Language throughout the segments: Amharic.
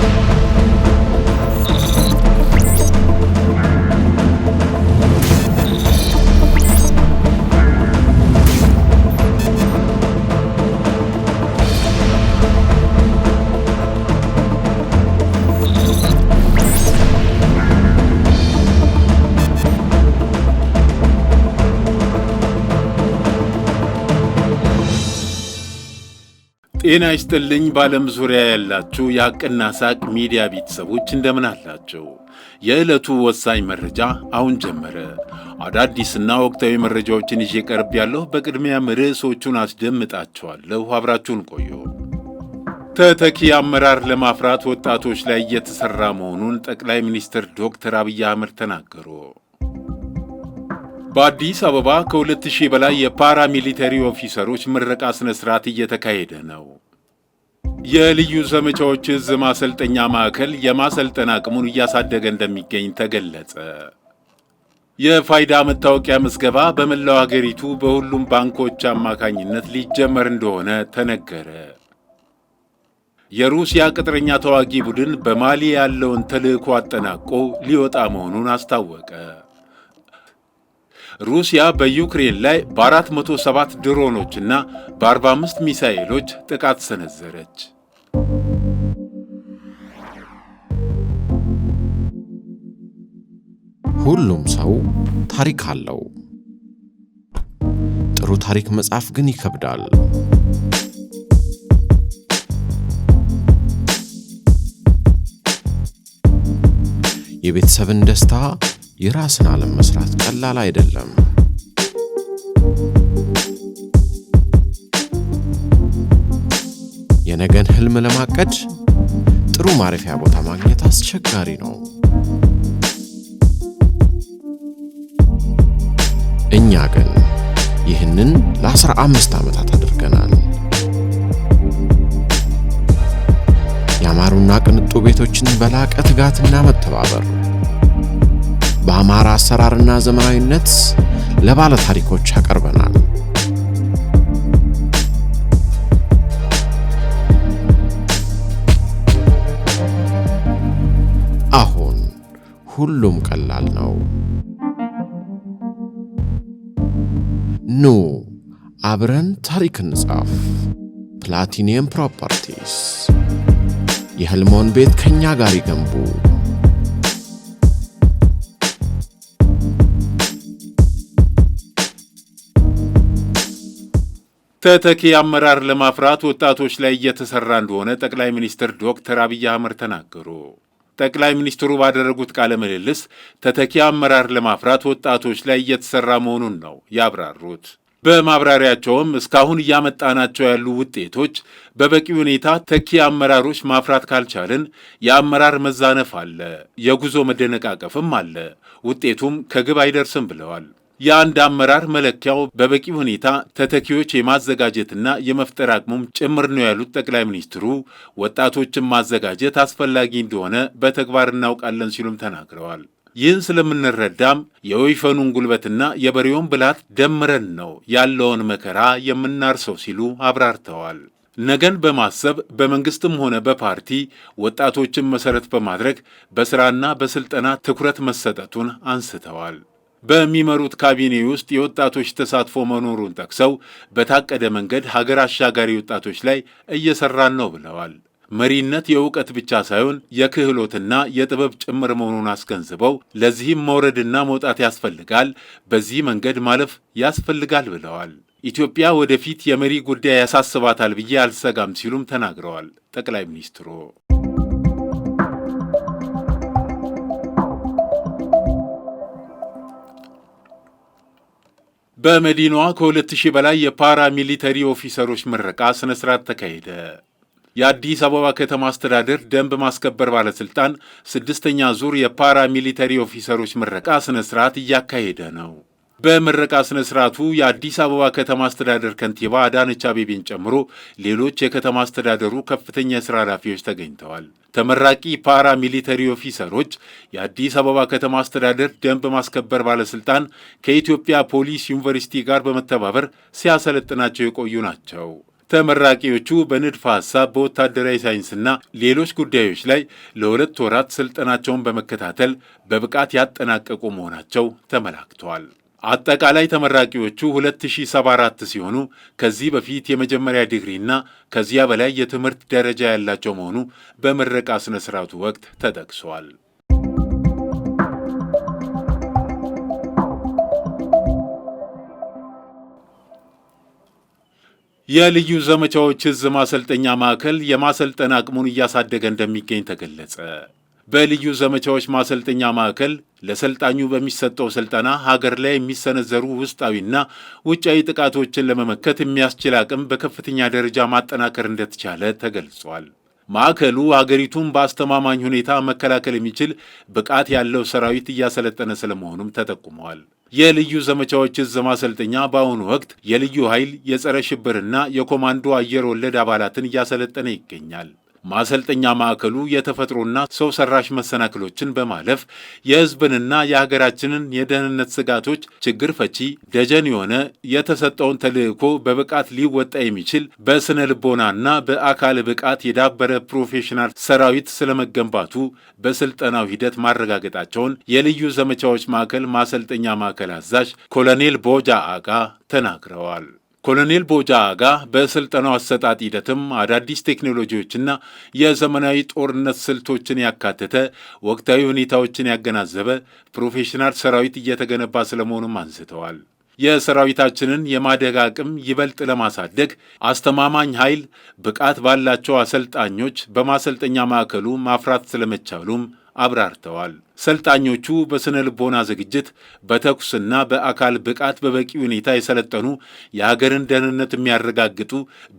Thank you. ጤና ይስጥልኝ በዓለም ዙሪያ ያላችሁ የአቅና ሳቅ ሚዲያ ቤተሰቦች እንደምን አላቸው? የዕለቱ ወሳኝ መረጃ አሁን ጀመረ። አዳዲስና ወቅታዊ መረጃዎችን ይዤ ቀርብ ያለሁ። በቅድሚያም ርዕሶቹን አስደምጣቸዋለሁ። አብራችሁን ቆዩ። ተተኪ አመራር ለማፍራት ወጣቶች ላይ እየተሠራ መሆኑን ጠቅላይ ሚኒስትር ዶክተር አብይ አህመድ ተናገሩ። በአዲስ አበባ ከ2000 በላይ የፓራ ሚሊተሪ ኦፊሰሮች ምረቃ ሥነ ሥርዓት እየተካሄደ ነው። የልዩ ዘመቻዎች እዝ ማሰልጠኛ ማዕከል የማሰልጠን አቅሙን እያሳደገ እንደሚገኝ ተገለጸ። የፋይዳ መታወቂያ ምዝገባ በመላው አገሪቱ በሁሉም ባንኮች አማካኝነት ሊጀመር እንደሆነ ተነገረ። የሩሲያ ቅጥረኛ ተዋጊ ቡድን በማሊ ያለውን ተልዕኮ አጠናቆ ሊወጣ መሆኑን አስታወቀ። ሩሲያ በዩክሬን ላይ በ407 ድሮኖችና በ45 ሚሳኤሎች ጥቃት ሰነዘረች። ሁሉም ሰው ታሪክ አለው። ጥሩ ታሪክ መጻፍ ግን ይከብዳል። የቤተሰብን ደስታ የራስን ዓለም መስራት ቀላል አይደለም። የነገን ህልም ለማቀድ ጥሩ ማረፊያ ቦታ ማግኘት አስቸጋሪ ነው። እኛ ግን ይህንን ለአስራ አምስት ዓመታት አድርገናል። ያማሩና ቅንጡ ቤቶችን በላቀ ትጋትና መተባበር በአማራ አሰራርና ዘመናዊነት ለባለ ታሪኮች ያቀርበናል። አሁን ሁሉም ቀላል ነው። ኑ አብረን ታሪክ እንጻፍ። ፕላቲኒየም ፕሮፐርቲስ የህልሞን ቤት ከእኛ ጋር ይገንቡ። ተተኪ አመራር ለማፍራት ወጣቶች ላይ እየተሰራ እንደሆነ ጠቅላይ ሚኒስትር ዶክተር አብይ አህመድ ተናገሩ። ጠቅላይ ሚኒስትሩ ባደረጉት ቃለ ምልልስ ተተኪ አመራር ለማፍራት ወጣቶች ላይ እየተሰራ መሆኑን ነው ያብራሩት። በማብራሪያቸውም እስካሁን እያመጣናቸው ያሉ ውጤቶች በበቂ ሁኔታ ተኪ አመራሮች ማፍራት ካልቻልን የአመራር መዛነፍ አለ፣ የጉዞ መደነቃቀፍም አለ፣ ውጤቱም ከግብ አይደርስም ብለዋል። የአንድ አመራር መለኪያው በበቂ ሁኔታ ተተኪዎች የማዘጋጀትና የመፍጠር አቅሙም ጭምር ነው ያሉት ጠቅላይ ሚኒስትሩ ወጣቶችን ማዘጋጀት አስፈላጊ እንደሆነ በተግባር እናውቃለን ሲሉም ተናግረዋል። ይህን ስለምንረዳም የወይፈኑን ጉልበትና የበሬውን ብላት ደምረን ነው ያለውን መከራ የምናርሰው ሲሉ አብራርተዋል። ነገን በማሰብ በመንግስትም ሆነ በፓርቲ ወጣቶችን መሰረት በማድረግ በስራና በስልጠና ትኩረት መሰጠቱን አንስተዋል። በሚመሩት ካቢኔ ውስጥ የወጣቶች ተሳትፎ መኖሩን ጠቅሰው በታቀደ መንገድ ሀገር አሻጋሪ ወጣቶች ላይ እየሰራን ነው ብለዋል። መሪነት የእውቀት ብቻ ሳይሆን የክህሎትና የጥበብ ጭምር መሆኑን አስገንዝበው ለዚህም መውረድና መውጣት ያስፈልጋል፣ በዚህ መንገድ ማለፍ ያስፈልጋል ብለዋል። ኢትዮጵያ ወደፊት የመሪ ጉዳይ ያሳስባታል ብዬ አልሰጋም ሲሉም ተናግረዋል ጠቅላይ ሚኒስትሩ። በመዲናዋ ከሁለት ሺህ በላይ የፓራ ሚሊተሪ ኦፊሰሮች ምረቃ ስነ ስርዓት ተካሄደ። የአዲስ አበባ ከተማ አስተዳደር ደንብ ማስከበር ባለስልጣን ስድስተኛ ዙር የፓራ ሚሊተሪ ኦፊሰሮች ምረቃ ስነ ስርዓት እያካሄደ ነው። በምረቃ ስነ ስርዓቱ የአዲስ አበባ ከተማ አስተዳደር ከንቲባ አዳነች አቤቤን ጨምሮ ሌሎች የከተማ አስተዳደሩ ከፍተኛ የስራ ኃላፊዎች ተገኝተዋል። ተመራቂ ፓራ ሚሊተሪ ኦፊሰሮች የአዲስ አበባ ከተማ አስተዳደር ደንብ ማስከበር ባለስልጣን ከኢትዮጵያ ፖሊስ ዩኒቨርሲቲ ጋር በመተባበር ሲያሰለጥናቸው የቆዩ ናቸው። ተመራቂዎቹ በንድፈ ሐሳብ በወታደራዊ ሳይንስና ሌሎች ጉዳዮች ላይ ለሁለት ወራት ስልጠናቸውን በመከታተል በብቃት ያጠናቀቁ መሆናቸው ተመላክተዋል። አጠቃላይ ተመራቂዎቹ 2074 ሲሆኑ ከዚህ በፊት የመጀመሪያ ዲግሪና ከዚያ በላይ የትምህርት ደረጃ ያላቸው መሆኑ በምረቃ ስነስርዓቱ ወቅት ተጠቅሷል። የልዩ ዘመቻዎች ዕዝ ማሰልጠኛ ማዕከል የማሰልጠን አቅሙን እያሳደገ እንደሚገኝ ተገለጸ። በልዩ ዘመቻዎች ማሰልጠኛ ማዕከል ለሰልጣኙ በሚሰጠው ስልጠና ሀገር ላይ የሚሰነዘሩ ውስጣዊና ውጫዊ ጥቃቶችን ለመመከት የሚያስችል አቅም በከፍተኛ ደረጃ ማጠናከር እንደተቻለ ተገልጿል። ማዕከሉ አገሪቱን በአስተማማኝ ሁኔታ መከላከል የሚችል ብቃት ያለው ሰራዊት እያሰለጠነ ስለመሆኑም ተጠቁመዋል። የልዩ ዘመቻዎች እዝ ማሰልጠኛ በአሁኑ ወቅት የልዩ ኃይል የጸረ ሽብርና የኮማንዶ አየር ወለድ አባላትን እያሰለጠነ ይገኛል። ማሰልጠኛ ማዕከሉ የተፈጥሮና ሰው ሰራሽ መሰናክሎችን በማለፍ የሕዝብንና የሀገራችንን የደህንነት ስጋቶች ችግር ፈቺ ደጀን የሆነ የተሰጠውን ተልዕኮ በብቃት ሊወጣ የሚችል በስነ ልቦናና በአካል ብቃት የዳበረ ፕሮፌሽናል ሰራዊት ስለመገንባቱ በስልጠናው ሂደት ማረጋገጣቸውን የልዩ ዘመቻዎች ማዕከል ማሰልጠኛ ማዕከል አዛዥ ኮሎኔል ቦጃ አቃ ተናግረዋል። ኮሎኔል ቦጃ አጋ በስልጠናው አሰጣጥ ሂደትም አዳዲስ ቴክኖሎጂዎችና የዘመናዊ ጦርነት ስልቶችን ያካተተ ወቅታዊ ሁኔታዎችን ያገናዘበ ፕሮፌሽናል ሰራዊት እየተገነባ ስለመሆኑም አንስተዋል። የሰራዊታችንን የማደግ አቅም ይበልጥ ለማሳደግ አስተማማኝ ኃይል ብቃት ባላቸው አሰልጣኞች በማሰልጠኛ ማዕከሉ ማፍራት ስለመቻሉም አብራርተዋል። ሰልጣኞቹ በሥነ ልቦና ዝግጅት፣ በተኩስና በአካል ብቃት በበቂ ሁኔታ የሰለጠኑ የሀገርን ደህንነት የሚያረጋግጡ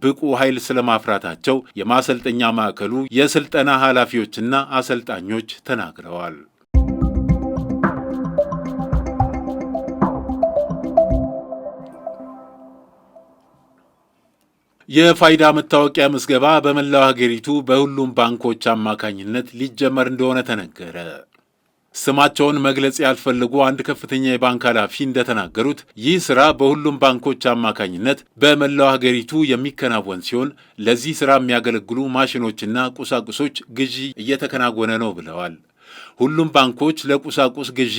ብቁ ኃይል ስለማፍራታቸው የማሰልጠኛ ማዕከሉ የስልጠና ኃላፊዎችና አሰልጣኞች ተናግረዋል። የፋይዳ መታወቂያ ምዝገባ በመላው ሀገሪቱ በሁሉም ባንኮች አማካኝነት ሊጀመር እንደሆነ ተነገረ። ስማቸውን መግለጽ ያልፈልጉ አንድ ከፍተኛ የባንክ ኃላፊ እንደተናገሩት ይህ ስራ በሁሉም ባንኮች አማካኝነት በመላው ሀገሪቱ የሚከናወን ሲሆን ለዚህ ስራ የሚያገለግሉ ማሽኖችና ቁሳቁሶች ግዢ እየተከናወነ ነው ብለዋል። ሁሉም ባንኮች ለቁሳቁስ ግዢ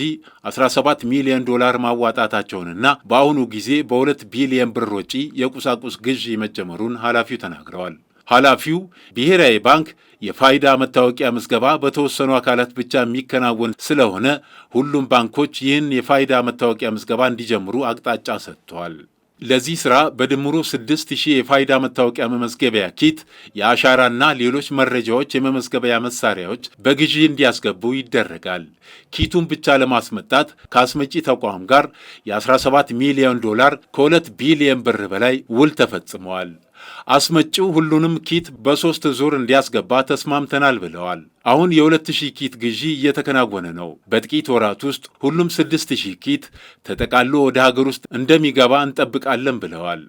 17 ሚሊዮን ዶላር ማዋጣታቸውንና በአሁኑ ጊዜ በ2 ቢሊዮን ብር ወጪ የቁሳቁስ ግዢ መጀመሩን ኃላፊው ተናግረዋል። ኃላፊው ብሔራዊ ባንክ የፋይዳ መታወቂያ ምዝገባ በተወሰኑ አካላት ብቻ የሚከናወን ስለሆነ ሁሉም ባንኮች ይህን የፋይዳ መታወቂያ ምዝገባ እንዲጀምሩ አቅጣጫ ሰጥተዋል። ለዚህ ሥራ በድምሩ 6000 የፋይዳ መታወቂያ መመዝገቢያ ኪት፣ የአሻራና ሌሎች መረጃዎች የመመዝገቢያ መሳሪያዎች በግዢ እንዲያስገቡ ይደረጋል። ኪቱን ብቻ ለማስመጣት ከአስመጪ ተቋም ጋር የ17 ሚሊዮን ዶላር ከ2 ቢሊየን ብር በላይ ውል ተፈጽመዋል። አስመጪው ሁሉንም ኪት በሶስት ዙር እንዲያስገባ ተስማምተናል ብለዋል። አሁን የ2000 ኪት ግዢ እየተከናወነ ነው። በጥቂት ወራት ውስጥ ሁሉም 6000 ኪት ተጠቃሎ ወደ ሀገር ውስጥ እንደሚገባ እንጠብቃለን ብለዋል።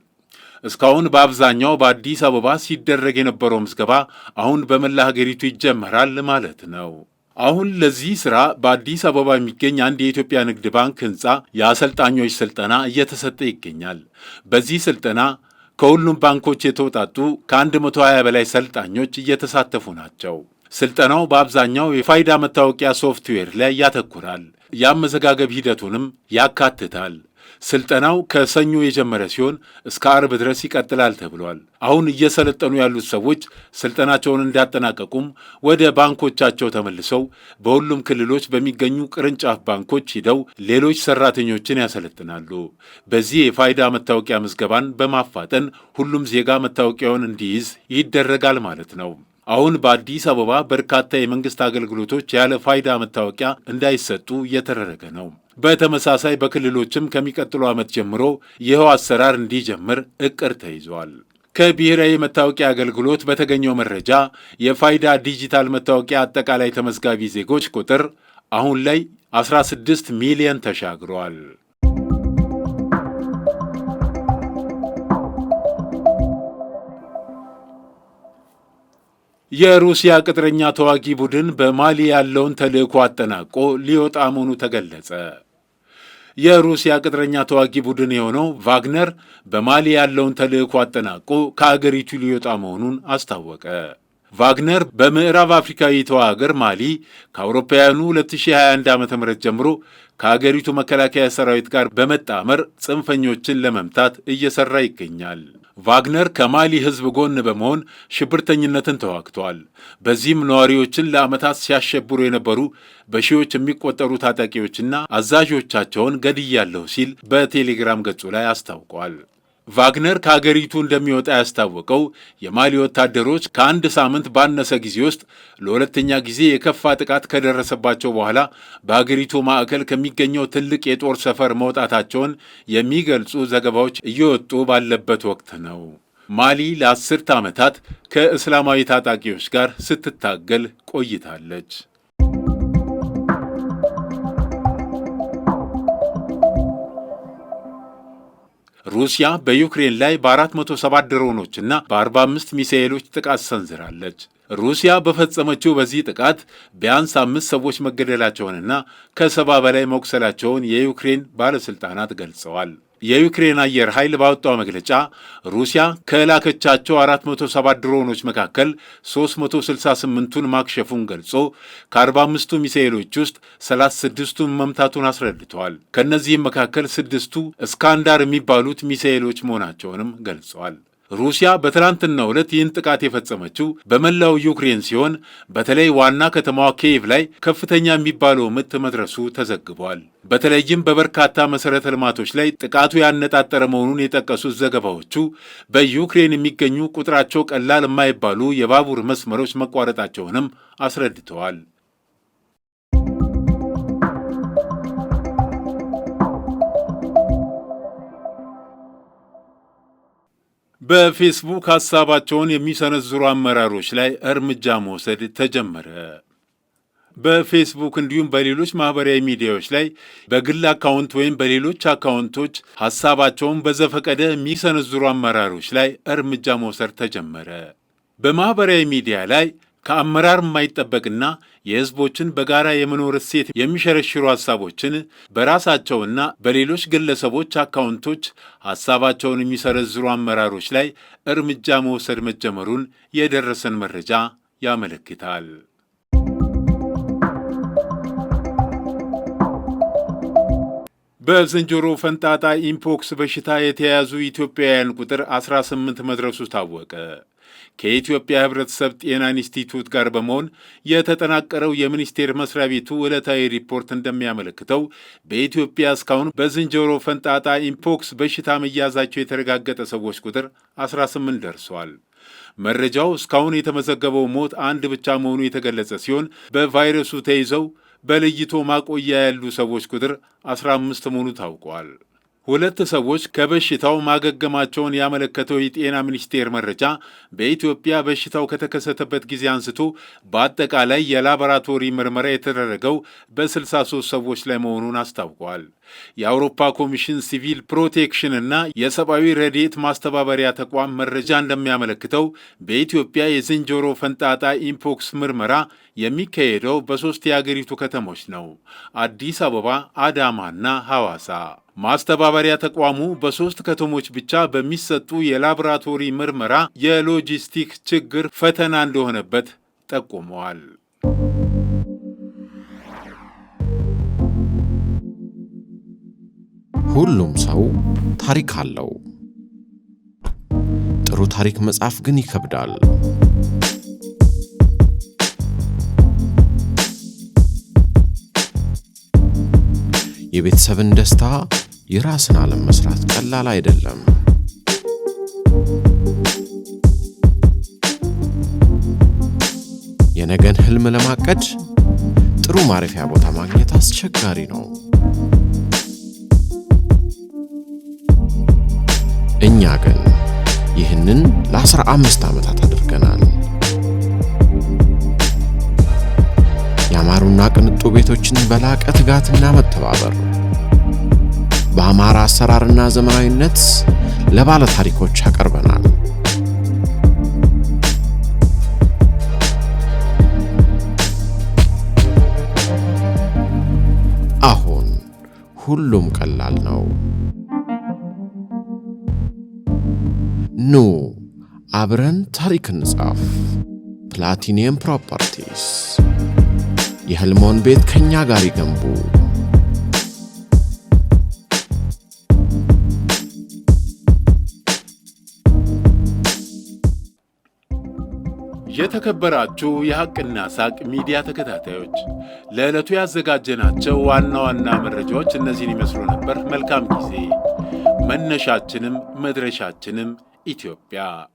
እስካሁን በአብዛኛው በአዲስ አበባ ሲደረግ የነበረው ምዝገባ አሁን በመላ ሀገሪቱ ይጀመራል ማለት ነው። አሁን ለዚህ ሥራ በአዲስ አበባ የሚገኝ አንድ የኢትዮጵያ ንግድ ባንክ ሕንፃ የአሰልጣኞች ስልጠና እየተሰጠ ይገኛል። በዚህ ስልጠና ከሁሉም ባንኮች የተውጣጡ ከ120 በላይ ሰልጣኞች እየተሳተፉ ናቸው። ስልጠናው በአብዛኛው የፋይዳ መታወቂያ ሶፍትዌር ላይ ያተኩራል። የአመዘጋገብ ሂደቱንም ያካትታል። ስልጠናው ከሰኞ የጀመረ ሲሆን እስከ አርብ ድረስ ይቀጥላል ተብሏል። አሁን እየሰለጠኑ ያሉት ሰዎች ስልጠናቸውን እንዳጠናቀቁም ወደ ባንኮቻቸው ተመልሰው በሁሉም ክልሎች በሚገኙ ቅርንጫፍ ባንኮች ሂደው ሌሎች ሰራተኞችን ያሰለጥናሉ። በዚህ የፋይዳ መታወቂያ ምዝገባን በማፋጠን ሁሉም ዜጋ መታወቂያውን እንዲይዝ ይደረጋል ማለት ነው። አሁን በአዲስ አበባ በርካታ የመንግስት አገልግሎቶች ያለ ፋይዳ መታወቂያ እንዳይሰጡ እየተደረገ ነው። በተመሳሳይ በክልሎችም ከሚቀጥለው ዓመት ጀምሮ ይኸው አሰራር እንዲጀምር እቅድ ተይዟል። ከብሔራዊ መታወቂያ አገልግሎት በተገኘው መረጃ የፋይዳ ዲጂታል መታወቂያ አጠቃላይ ተመዝጋቢ ዜጎች ቁጥር አሁን ላይ 16 ሚሊዮን ተሻግሯል። የሩሲያ ቅጥረኛ ተዋጊ ቡድን በማሊ ያለውን ተልዕኮ አጠናቆ ሊወጣ መሆኑ ተገለጸ። የሩሲያ ቅጥረኛ ተዋጊ ቡድን የሆነው ቫግነር በማሊ ያለውን ተልዕኮ አጠናቆ ከአገሪቱ ሊወጣ መሆኑን አስታወቀ። ቫግነር በምዕራብ አፍሪካዊቷ አገር ማሊ ከአውሮፓውያኑ 2021 ዓ ም ጀምሮ ከአገሪቱ መከላከያ ሰራዊት ጋር በመጣመር ጽንፈኞችን ለመምታት እየሰራ ይገኛል። ቫግነር ከማሊ ሕዝብ ጎን በመሆን ሽብርተኝነትን ተዋግተዋል። በዚህም ነዋሪዎችን ለዓመታት ሲያሸብሩ የነበሩ በሺዎች የሚቆጠሩ ታጣቂዎችና አዛዦቻቸውን ገድያለሁ ሲል በቴሌግራም ገጹ ላይ አስታውቋል። ቫግነር ከአገሪቱ እንደሚወጣ ያስታወቀው የማሊ ወታደሮች ከአንድ ሳምንት ባነሰ ጊዜ ውስጥ ለሁለተኛ ጊዜ የከፋ ጥቃት ከደረሰባቸው በኋላ በአገሪቱ ማዕከል ከሚገኘው ትልቅ የጦር ሰፈር መውጣታቸውን የሚገልጹ ዘገባዎች እየወጡ ባለበት ወቅት ነው። ማሊ ለአስርት ዓመታት ከእስላማዊ ታጣቂዎች ጋር ስትታገል ቆይታለች። ሩሲያ በዩክሬን ላይ በ ድሮኖች ድሮኖችና በ45 ሚሳኤሎች ጥቃት ሰንዝራለች። ሩሲያ በፈጸመችው በዚህ ጥቃት ቢያንስ አምስት ሰዎች መገደላቸውንና ከሰባ በላይ መቁሰላቸውን የዩክሬን ባለሥልጣናት ገልጸዋል። የዩክሬን አየር ኃይል ባወጣው መግለጫ ሩሲያ ከላከቻቸው 47 ድሮኖች መካከል 368ቱን ማክሸፉን ገልጾ ከ45ቱ ሚሳኤሎች ውስጥ 36ቱን መምታቱን አስረድተዋል። ከእነዚህም መካከል ስድስቱ እስካንዳር የሚባሉት ሚሳኤሎች መሆናቸውንም ገልጸዋል። ሩሲያ በትላንትናው ዕለት ይህን ጥቃት የፈጸመችው በመላው ዩክሬን ሲሆን በተለይ ዋና ከተማዋ ኪየቭ ላይ ከፍተኛ የሚባለው ምት መድረሱ ተዘግቧል። በተለይም በበርካታ መሠረተ ልማቶች ላይ ጥቃቱ ያነጣጠረ መሆኑን የጠቀሱት ዘገባዎቹ በዩክሬን የሚገኙ ቁጥራቸው ቀላል የማይባሉ የባቡር መስመሮች መቋረጣቸውንም አስረድተዋል። በፌስቡክ ሐሳባቸውን የሚሰነዝሩ አመራሮች ላይ እርምጃ መውሰድ ተጀመረ። በፌስቡክ እንዲሁም በሌሎች ማህበራዊ ሚዲያዎች ላይ በግል አካውንት ወይም በሌሎች አካውንቶች ሐሳባቸውን በዘፈቀደ የሚሰነዝሩ አመራሮች ላይ እርምጃ መውሰድ ተጀመረ። በማኅበራዊ ሚዲያ ላይ ከአመራር የማይጠበቅና የሕዝቦችን በጋራ የመኖር እሴት የሚሸረሽሩ ሀሳቦችን በራሳቸውና በሌሎች ግለሰቦች አካውንቶች ሀሳባቸውን የሚሰረዝሩ አመራሮች ላይ እርምጃ መውሰድ መጀመሩን የደረሰን መረጃ ያመለክታል። በዝንጀሮ ፈንጣጣ ኢምፖክስ በሽታ የተያያዙ ኢትዮጵያውያን ቁጥር 18 መድረሱ ታወቀ። ከኢትዮጵያ ህብረተሰብ ጤና ኢንስቲትዩት ጋር በመሆን የተጠናቀረው የሚኒስቴር መስሪያ ቤቱ ዕለታዊ ሪፖርት እንደሚያመለክተው በኢትዮጵያ እስካሁን በዝንጀሮ ፈንጣጣ ኢምፖክስ በሽታ መያዛቸው የተረጋገጠ ሰዎች ቁጥር 18 ደርሰዋል። መረጃው እስካሁን የተመዘገበው ሞት አንድ ብቻ መሆኑ የተገለጸ ሲሆን በቫይረሱ ተይዘው በለይቶ ማቆያ ያሉ ሰዎች ቁጥር 15 መሆኑ ታውቋል። ሁለት ሰዎች ከበሽታው ማገገማቸውን ያመለከተው የጤና ሚኒስቴር መረጃ በኢትዮጵያ በሽታው ከተከሰተበት ጊዜ አንስቶ በአጠቃላይ የላቦራቶሪ ምርመራ የተደረገው በ63 ሰዎች ላይ መሆኑን አስታውቋል። የአውሮፓ ኮሚሽን ሲቪል ፕሮቴክሽን እና የሰብአዊ ረድኤት ማስተባበሪያ ተቋም መረጃ እንደሚያመለክተው በኢትዮጵያ የዝንጀሮ ፈንጣጣ ኢምፖክስ ምርመራ የሚካሄደው በሦስት የአገሪቱ ከተሞች ነው፣ አዲስ አበባ፣ አዳማና ሐዋሳ። ማስተባበሪያ ተቋሙ በሦስት ከተሞች ብቻ በሚሰጡ የላቦራቶሪ ምርመራ የሎጂስቲክ ችግር ፈተና እንደሆነበት ጠቁመዋል። ሁሉም ሰው ታሪክ አለው። ጥሩ ታሪክ መጻፍ ግን ይከብዳል። የቤተሰብን ደስታ፣ የራስን ዓለም መስራት ቀላል አይደለም። የነገን ህልም ለማቀድ ጥሩ ማረፊያ ቦታ ማግኘት አስቸጋሪ ነው። እኛ ግን ይህንን ለአስራ አምስት ዓመታት አድርገናል። ያማሩና ቅንጡ ቤቶችን በላቀ ትጋትና መተባበር በአማራ አሰራርና ዘመናዊነት ለባለ ታሪኮች አቀርበናል። አሁን ሁሉም ቀላል ነው። ኑ አብረን ታሪክ እንጻፍ። ፕላቲኒየም ፕሮፐርቲስ የህልሞን ቤት ከእኛ ጋር ይገንቡ። የተከበራችሁ የሐቅና ሳቅ ሚዲያ ተከታታዮች ለዕለቱ ያዘጋጀናቸው ዋና ዋና መረጃዎች እነዚህን ይመስሉ ነበር። መልካም ጊዜ። መነሻችንም መድረሻችንም ኢትዮጵያ